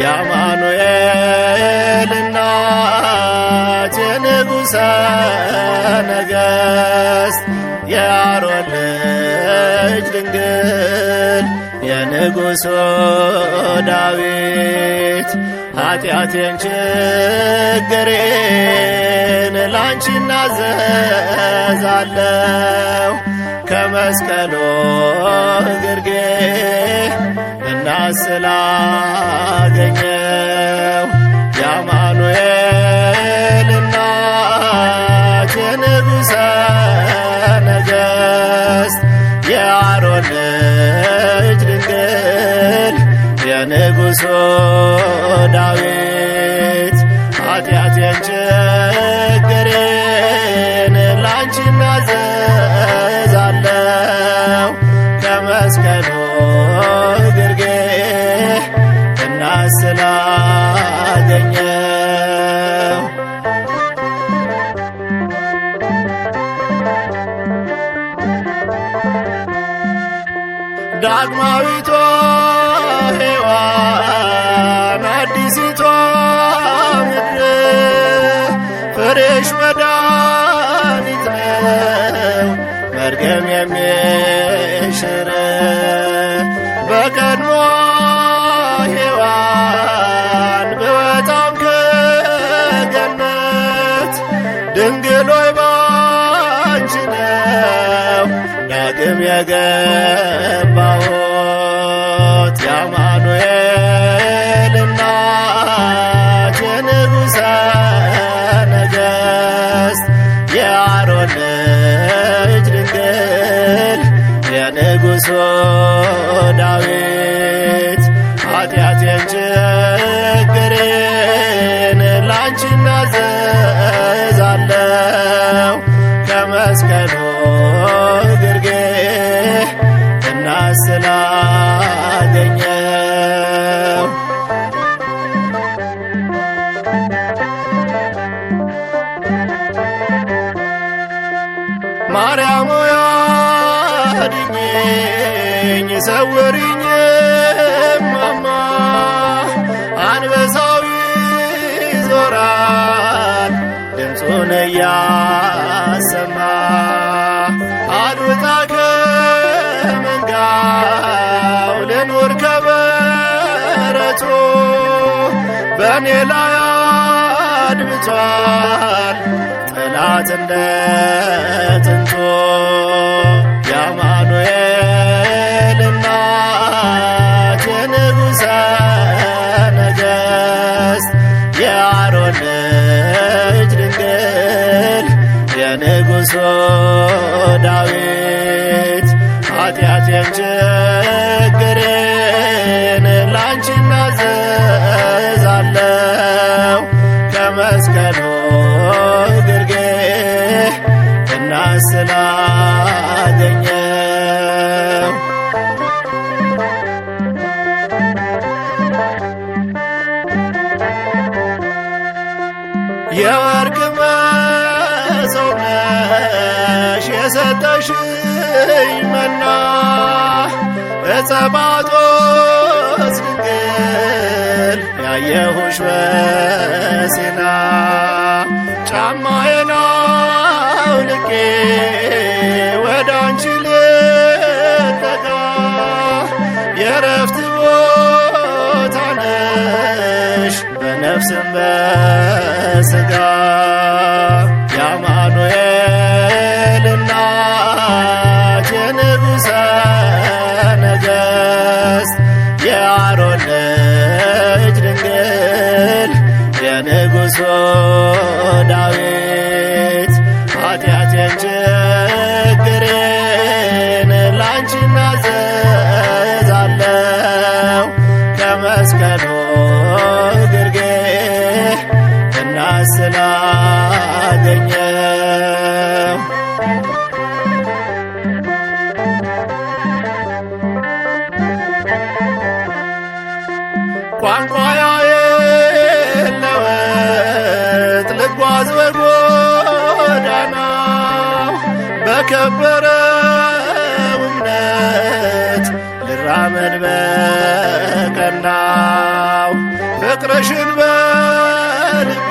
የአማኑኤል እናት የንጉሠ ነገሥት የአሮን ልጅ ድንግል የንጉሡ ዳዊት ኃጢአቴን ችግሬን ላንቺ እናዘዛለሁ ከመስቀሎ እግርጌ እና ስላገኘው ዳግም የገባሁት የአማኑኤል የንጉሠ ነገሥት የአሮን ልጅ ድንግል የንጉሡ ዳዊት ሰውሪኝ ማማ አንበሳው ይዞራል ድምፁን እያሰማ አልወጣ ከመንጋው ልኑር ከበረቶ በእኔ ላይ አድብቷል ጠላት እንደ ጥንቶ የንጉሶ ዳዊት ኃጢአቴን ችግሬን ላንቺ እናዘዛለው ከመስቀሉ ግርጌ እናስላገኘ የወርቅ የሰጠሽኝ መና በጸባጦስ ድንግል ያየሁሽ በሲና ጫማዬን አውልቄ ወደ አንቺ ልጠጋ የረፍት ቦታ ነሽ በነፍስም በስጋ ቀና ስላለኝ ቋንቋያ የለወጥ ልጓዝ በጎዳና በከበረው እምነት ልራመድ በቀናው ፍቅርሽን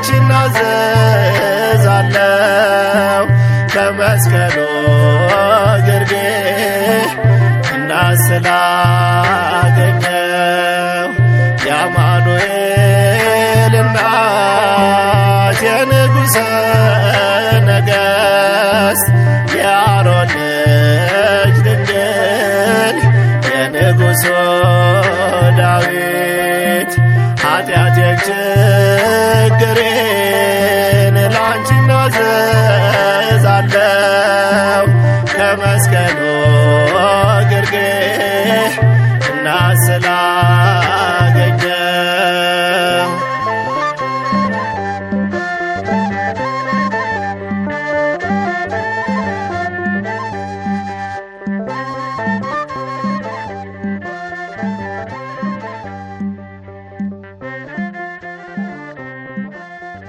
ላንቺ እናዘዛለው ከመስቀሉ ግርጌ ስላገኘው የአማኑኤል እናት የንጉሠ ነገሥት የአሮን ልጅ ድንግል የንጉሡ ዳዊት ኃጢአት የግችል ፍቅሬን ላንቺ ናዘዛለሁ ከመስቀሉ ግርጌ